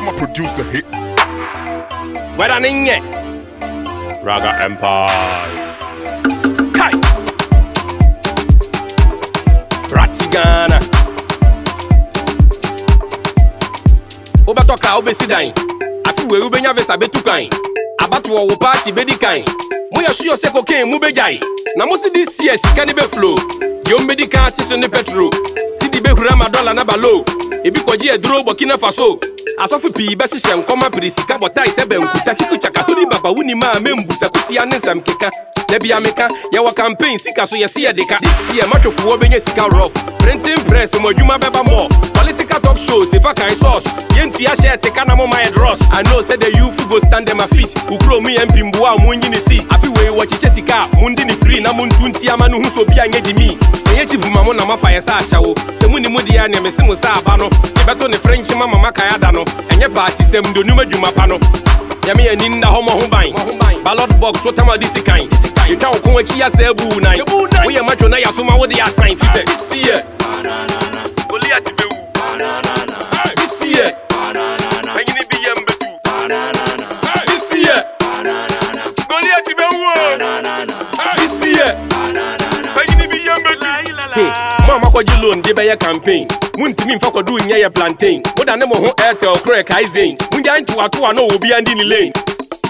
I'ma produce a hit. Where an inye? Raga Empire. Kai! Ratigana. Obatoka obesi dain. we Afiwe ubenya vesa betukain. Abatu wo party bedi kain. Moya sure se cocaine mu bejai. Na mo si this year sika ni be flow. Yo mbedi kain ti so ni petrol. Si di be hura ma na balo. Ebi koji e duro Burkina Faso asɔfo pii bɛhyehyɛ nkɔma pere sika bɔtae sɛ bɛnkuta kyikukyakatori baba wo nim a membu sɛ ne nsɛm keka da bia meka yɛwɔ campaign sika so yɛse yɛdeka this year matwofoɔ bɛnya sika rof printing press mo adwuma bɛba mɔ Tua shirt, kana mo my dross. I know, said the youth go stand them a feet. Ukro me and Pimbua, Munyini see. I feel way watch Chessica, Mundini free, Namuntunti, Amanu, so be an me. Eye vuma mo na mafaya saa shawo se muni mudi ya neme se musa abano ebeto ne french mama maka ya dano enye party se mdo nume juma pano yami ya ninda homo humbain ballot box so tama disi kain yita okun echi ya se ebu nai oye macho na ya suma wodi ya sign fise fise ti bẹ wọ. bisi yẹ bẹyini bi yẹn bẹ bi. mo àmọ́ kọ́jú loan de bẹ́yẹ campaign mu ntumi nfa kɔdu nyɛ yɛ plantain mo da ne mo ho airtel korɛ kae zain mo gya ntoatoa na obiara ndi ne lane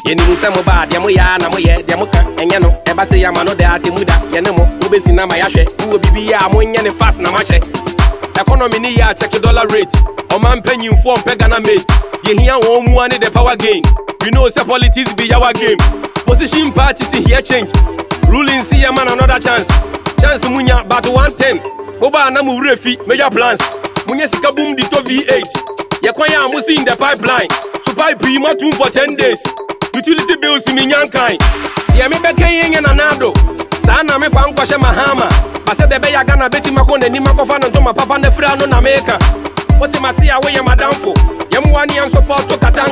yɛnim sɛ mo baa deɛ moyɛa na moyɛ deɛ moka ɛnyɛ no ɛba sɛ yɛama no daa de mu da yɛne mo wobɛsi na ma yɛahwɛ wowɔ biribi yɛ a monyɛ ne fast na makyɛ ɛkɔnɔmi ne yɛ akyɛke dollar rate ɔma mpɛ nyimfoɔ mpɛ ghana made yɛhia wɔn mua ne the power game. we know sɛ politics be yawa game Opposition party see here change. Ruling see a man another chance. Chance munya but 110. Oba na mu refi major plans. Munya sika boom di to V8. Ye kwanya amusi in the pipeline. Supply be ma tune for ten days. Utility bills in nyankai. Ye me beke yenye nanado. Saa na me fa kwa mahama. Ase de be ya Ghana betima ko nani makofa no to mapapa na fira no na meka. What him I see away madamfo. Yem wani and support to katan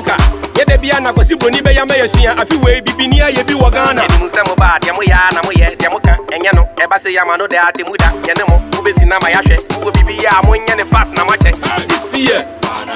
bia na kwasi broni bɛyɛ mɛyɛ hyia afi wei bibi ni ayɛ bi wɔ ghana ɛnim sɛ mo baa deɛ moyɛ na moyɛ deɛ moka ɛnyɛ no ɛba sɛ yɛ no deɛ ate mu da yɛne mo wobɛsi na ma yɛahwɛ wowɔ biribi yɛ a monyɛ ne fast na moakyɛ